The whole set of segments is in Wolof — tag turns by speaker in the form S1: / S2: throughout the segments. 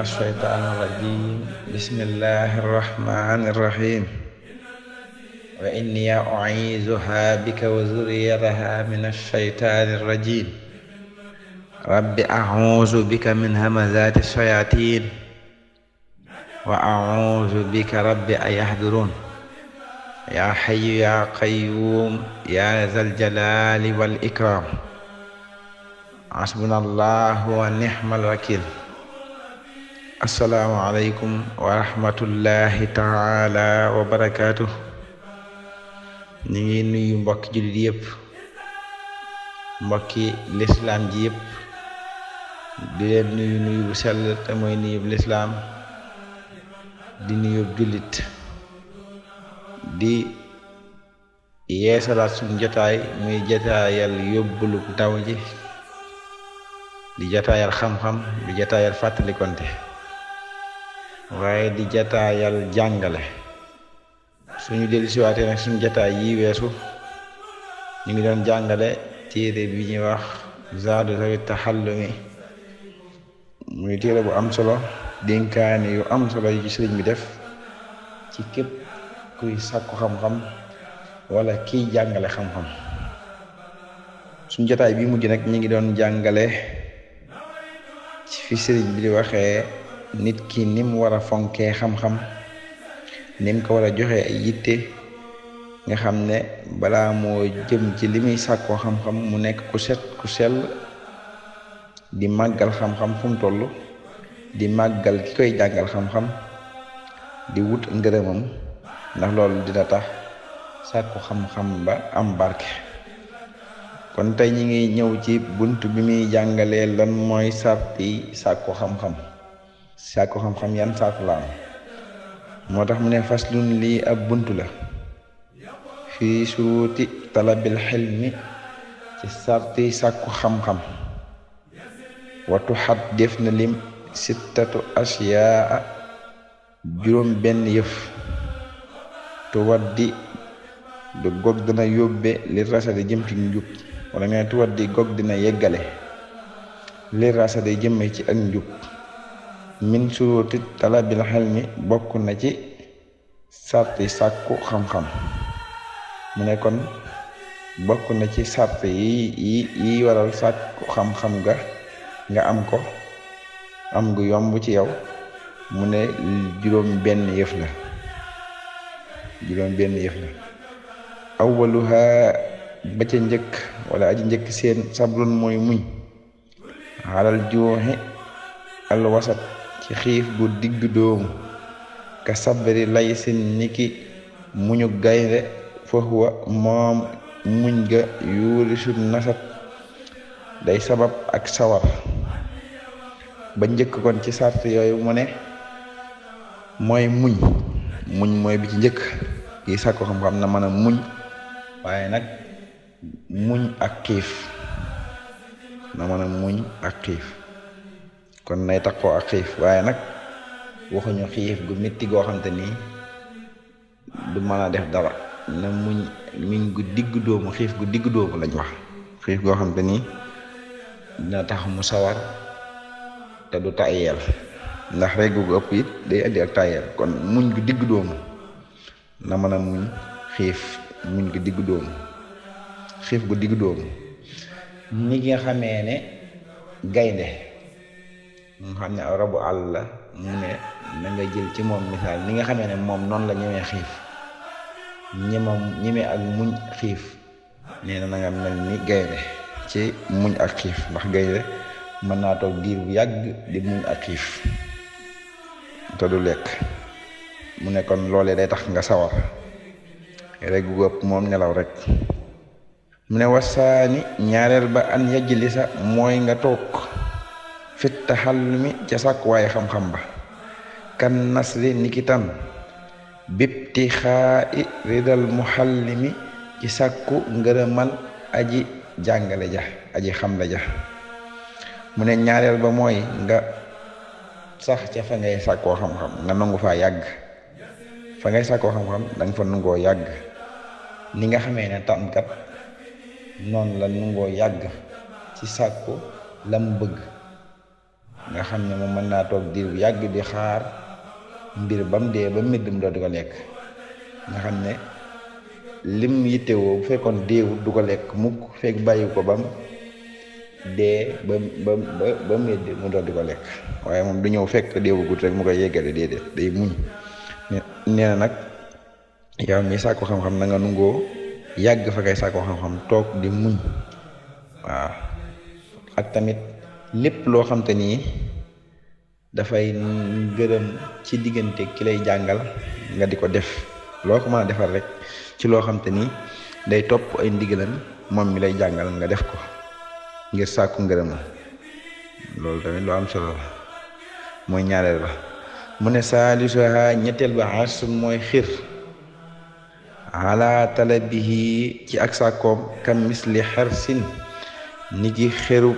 S1: mina shaytaani rajiim bismillaahi rahmaani rahiim wa inni u'iizuhaa bika wa zurriyatahaa mina shaytaani rajiim rabbi a'uuzu bika min hamazaati shayaatiin wa a'uuzu bika rabbi an yahduruun yaa hayyu yaa qayyuum yaa zal jalaali wal ikraam hasbunallaahu wa ni'mal wakiil asalaamualeykum wa rahmatullahi taala wa barakaatu ñu ngi nuyu mbokki jullit yëpp mbokki lislaam ji yëpp di leen nuyu nuyu bu sell te mooy nuyu lislaam di nuyub jullit di yeesalaat suñ jotaay muy jotaayal yóbbulu ndaw ji di jotaayal xam-xam di jotaayal fàttalikonte waaye di jataayal jàngale suñu dellusiwaatee nag suñu jataay yi weesu ñu ngi doon jàngale téere bi ñuy wax zaadu zawi taxallumi muy téere bu am solo dénkaane yu am solo yu ci sëriñ bi def ci képp kuy sàkku xam-xam wala kiy jàngale xam-xam suñu jataay bi mujj nag ñu ngi doon jàngale fi sëriñ bi di waxee nit kii ni mu war a fonkee xam-xam ni mu ko war a joxee ay yitte nga xam ne balaa moo jëm ci li muy sàkkoo xam-xam mu nekk ku set ku sell di màggal xam-xam fu mu toll di màggal ki koy jàngal xam-xam di wut ngërëmam ndax loolu dina tax sàkku xam-xam ba am barke kon tey ñi ngi ñëw ci bunt bi muy jàngalee lan mooy sàppi sàkku xam-xam sàkku xam-xam yan sàkku la moo tax mu ne faslun lii ab bunt la fii suuti talabil xilmi ci sarti sàkku xam-xam watu xat def na lim sittatu asiyaa juróom benn yëf tuwaddi du gog dina yóbbe li rasade jëm ci njub wala nga tuwaddi gog dina yeggale li rasade jëme ci ak njub min suruti talabil xelmi bokk na ci sarti sàkku xam-xam mu ne kon bokk na ci sart yi yi yi waral sàkku xam-xam ga nga am ko am gu yomb ci yow mu ne juróom benn yëf la juróom benn yëf la awwaluha ba ca njëkk wala aji njëkk seen sabrun mooy muñ xalal juuxi alwasat xiif gu digg doomu ka sabri lay sin niki muñu gaynde fahuwa moom muñ ga yuurisu nasab day sabab ak sawar ba njëkk kon ci sart yooyu mu ne mooy muñ muñ mooy bi ci njëkk kii sàkku xam-xam na mën a muñ waaye nag muñ ak xiif na mën muñ ak xiif kon nay takkoo ak xiif waaye nag waxuñu xiif gu métti goo xam te nii du mën a def dara na muñ muñ gu digg dóomu xiif gu digg dóomu lañ wax goo xam te nii dina tax mu sawar te du tàyyeel ndax rek gu ëpp kon muñ gu digg dóomu na mën a muñ xiif muñ gu digg dóomu xiif gu digg dóomu ni nga xamee ne gaynde mu xam ne rabu àll la mu ne na jël ci moom misaal ni nga xamee ne moom noonu la ñemee xiif ñema ñeme ak muñ xiif nee na na nga mel ni gaynde ci muñ ak xiif ndax gaynde mën naa toog diir bu yàgg di muñ ak xiif te du lekk mu ne kon loolee day tax nga sawar rek gu ëpp moom nelaw rekk mu ne wasaani ñaareel ba an yajlisa mooy nga toog fit taxallumi ca sàkkuwaay xam-xam ba kan nasri niki tan bipti xaa i ridal mi ci sàkku ngërëmal aji jàngale ja aji xamle ja mu ne ñaareel ba mooy nga sax ca fa ngay sàkkoo xam-xam nga nangu faa yàgg fa ngay sàkkoo xam-xam danga fa nungoo yàgg ni nga xamee ne tànkat noonu la nungoo yàgg ci sàkku lam bëgg nga xam ne moom mën naa toog diir bu yàgg di xaar mbir ba mu dee ba méddum doo di ko lekk nga xam ne lim yittewoo bu fekkoon deewu du ko lekk mu fekk bàyyi ko bam dee ba ba mu doo di ko lekk waaye moom du ñëw fekk deewu gut rek mu koy yeggale déedéet day muñ nee na nag yow mi sàkku xam-xam na nungoo yàgg fa kay sàkku xam-xam toog di muñ waaw ak tamit lépp loo xam te nii dafay gërëm ci diggante ki lay jàngal nga di ko def loo ko mën a defal rek ci loo xam te nii day topp ay ndigalam moom mi lay jàngal nga def ko ngir sàkku ngërëm loolu tamit lu am solo la mooy ñaareel ba mu ne saalisuha ñetteel ba xas mooy xër ala talabihi ci ak sàkkoom kam misli xarsin nit ki xërub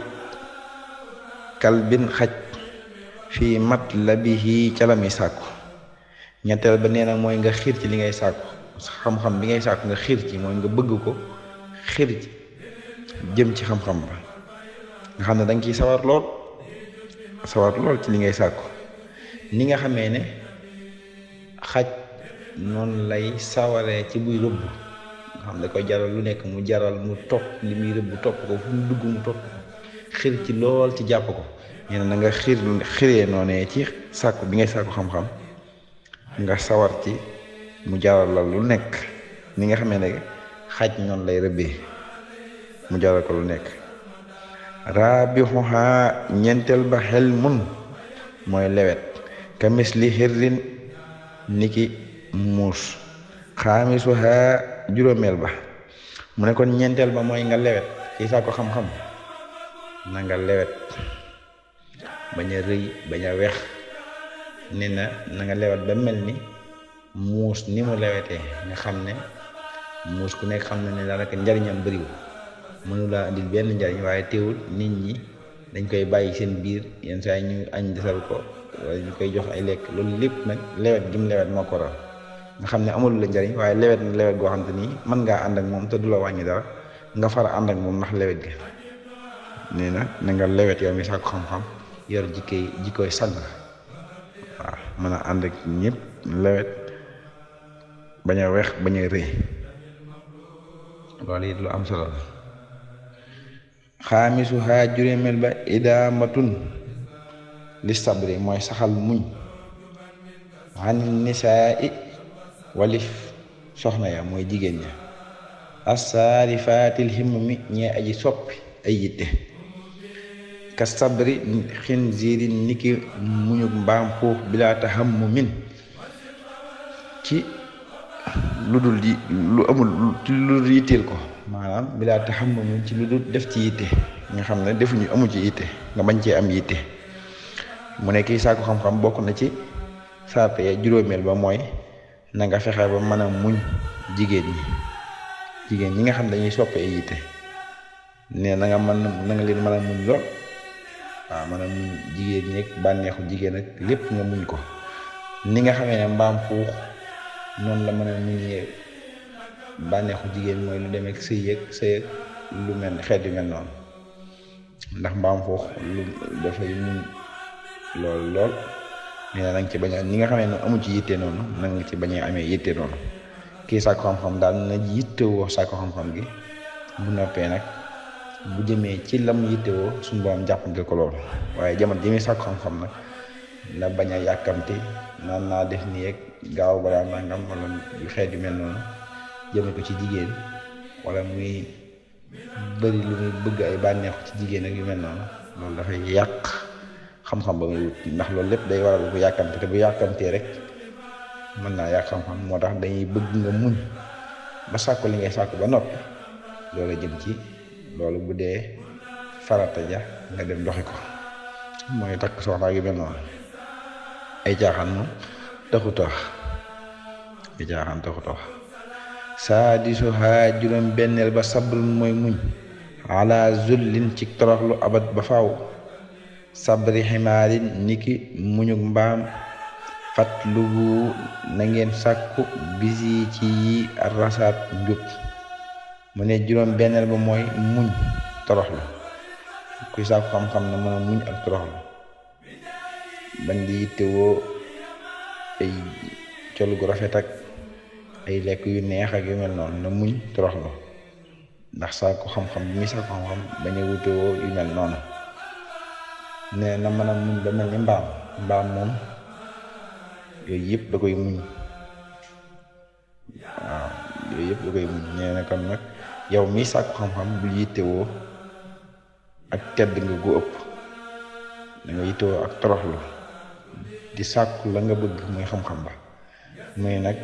S1: kalbin xaj fii matlabihi ca la muy sàkku ñetteel ba nee na mooy nga xiir ci li ngay sàkku xam-xam bi ngay sàkku nga xiir ci mooy nga bëgg ko xiir ci jëm ci xam-xam ba nga xam ne da nga sawar lool sawar lool ci li ngay sàkku ni nga xamee ne xaj noonu lay sawaree ci buy rëbb nga xam ne ko koy jaral lu nekk mu jaral mu topp li muy rëbb topp ko fu mu dugg mu topp xir ci lool ci jàpp ko nee na nga xir xiree noonu ci sàkku bi ngay sàkku xam-xam nga sawar ci mu jaral la lu nekk ni nga xamee ne xaj noonu lay rëbbee mu jaral ko lu nekk raabixuha ñeenteel ba xel mun mooy lewet kamis li ni ki muus xaamisuha juróomeel ba mu ne kon ñeenteel ba mooy nga lewet ci sàkku xam-xam na nga lewet bañ a rëy bañ a weex nee na na lewet ba mel ni muus ni mu lewetee nga xam ne muus ku nekk xam na ne daanaka njariñam bëriwul mënulaa indil benn njariñ waaye teewul nit ñi dañ koy bàyyi seen biir yenn saa yi ñu añ desal ko wala ñu koy jox ay lekk loolu lépp nag lewet gi mu lewet moo ko nga xam ne amul la njariñ waaye lewet na lewet goo xam te nii mën ngaa ànd ak moom te du la wàññi dara nga fara ànd ak moom ndax lewet gi nee na na nga lewet yow mi sàkku xam-xam yor jikkey jikkooy sang waaw mën a ànd ñëpp lewet bañ a weex bañ rëy loolu it lu am solo la xaamisu xaa juróomeel ba idaamatun li sabri mooy saxal muñ xanil nisaa i walif soxna ya mooy jigéen ña assaarifaatil himm mi ñee aji soppi ay yitte ka xin xinziiri niki muñu mbaam xuux bilaa tahammu min ci lu dul di lu amul ci lu ko maanaam bilaa tahammu min ci lu dul def ci yitte nga xam ne defuñu amu ci yitte nga bañ cee am yitte mu ne saaku saako xam-xam bokk na ci saapee juróomeel ba mooy nanga nga fexe ba mën a muñ jigéen ñi jigéen ñi nga xam dañuy soppee yitte ne na nga mën na nga leen mën a muñ lool waaw ah, maanaam jigéen ñi ak bànneexu jigéen ak lépp nga muñ ko ni nga xamee ne mbaam xuux noonu la mën a muñee bànneexu jigéen mooy lu demee ak sëy ak lu mel xeet yu mel noonu ndax mbaam xuux lu dafay muñ lool lool nee ci bañ a ñi nga xamee ne amu ci yitte noonu na nga ci bañ a amee yitte noonu kii sàkku xam-xam daal na yittewoo sàkku xam-xam gi bu noppee nag. bu jëmee ci lam yittewoo suñu borom jàppandil ko loolu waaye jamono ji muy sàkku xam-xam nag na bañ a yàkkamti naan naa def nii rek gaaw balaa nangam wala xeet yu mel jëme ko ci jigéen wala muy bëri ay bànneexu ci jigéen ak yu mel noonu loolu dafay yàq xam-xam ba ndax loolu lépp day waral bu yàkkamti te bu yàkkamtee rek mën naa yàq xam-xam moo tax dañuy bëgg nga muñ ba sàkku li ngay sàkku ba noppi loola jëm ci loolu bu dee farata ja nga dem doxi ko mooy takk soxnaa yu mel noonu ay caaxaan moom taxut a wax ay caaxaan taxut a wax saa di su xaa juróom benneel ba sabrun mooy muñ ala zullin ci toroxlu abat ba faaw sabri ximaarin niki muñug mbaam fat lugu na ngeen sàkku bisi ci rasaat njub mu ne juróom benneel bi mooy muñ torox la kuy saaku xam-xam ne mën ak torox la ban di yittewoo ay col gu rafet ak ay lekk yu neex ak yu mel noonu na muñ torox la ndax saaku xam-xam bi muy saaku xam yu mel noonu ne na mën a muñ ba mel ni mbaam mbaam moom yooyu yëpp da koy muñ waaw yooyu yëpp da koy mujj nee na kon nag yow mii sàkku xam-xam bu yittewoo ak tedd nga gu ëpp da yittewoo ak toroxlu di sàkku la nga bëgg muy xam-xam ba muy nag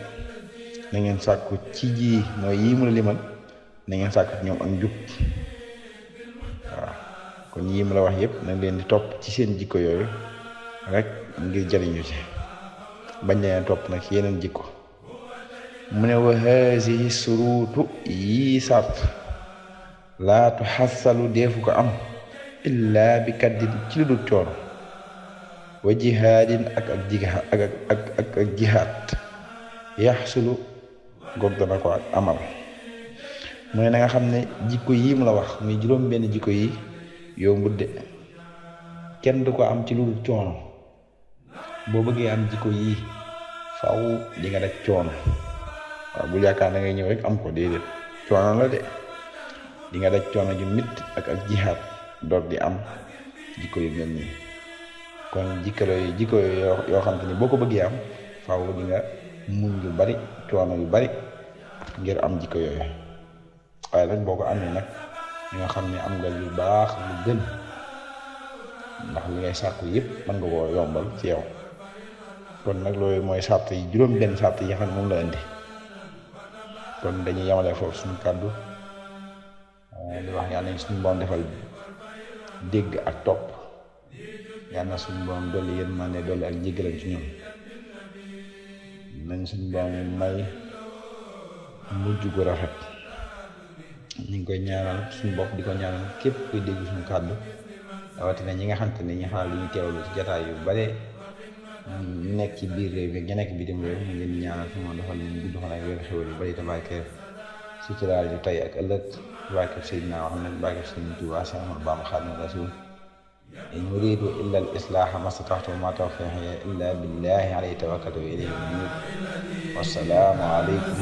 S1: na ngeen sàkku ci ji mooy yii mu la limal na ngeen sàkku ci ñoom ak njub waaw kon yii mu la wax yépp na leen di topp ci seen jikko yooyu rek ngir jariñu ci bañ leen topp nag yeneen jikko mu ne wa haasihi suruutu yii sart laa tuxassalu deefu ko am illaa bi kaddin ci lu dul wa jihaadin ak ak jihaad yaxsulu goog ko ak amal mu ne na nga xam ne jikko yi mu la wax muy juróom benn jikko yi yombut de kenn du ko am ci lu dul coono boo bëggee am jikko yi faw di nga daj bu yaakaar na ngay ñëw am ko déedéet coono la de di nga daj coono ju mit ak ak jihaat door di am jikko yu mel nii kon jikkalo yi jikko yoo xam ni boo ko bëggee am faaw di nga muñ yu bari coono yu bari ngir am jikko yooyu waaye dañ boo ko amee nag ñi nga xam ne am nga lu baax lu gën ndax li ngay sàkku yëpp mën nga koo yombal ci yow kon nag loolu mooy sàrt yi juróom benn sàrt yi nga xam ne moom la indi kon dañuy yemale foofu suñu kàddu euh, di wax yàlla nañ suñu borom defal dégg ak topp yàlla na suñu borom dolli yërmande dolli ak jéggalam ci ñoom nañ suñu borom may mujj gu rafet ñu ngi koy ñaanal suñu bopp di ko ñaanal képp kuy dégg suñ kàddu rawatina ñi nga xam ne ñi xaar lu ñu teewlu ci jataay yu bare ñu nekk ci biir réew mi ñu nekk bitim réew ñu leen ñaanal fi mu doxal ñu gudd fan ak wér xéwal yu bari te barkeel suturaal yu tey ak ëllëg barkeel Seydina Muhammad barkeel Sëriñ Tuubaa Seex Ahmadu Bamba Xaadimu Rasuul in uriidu illa al islaaha ma stataxtu wa ma tawfiiqi illa billaahi alayhi tawakkaltu wa ilayhi uniib wassalaamu aleykum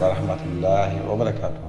S1: wa rahmatullaahi wa barakaatuh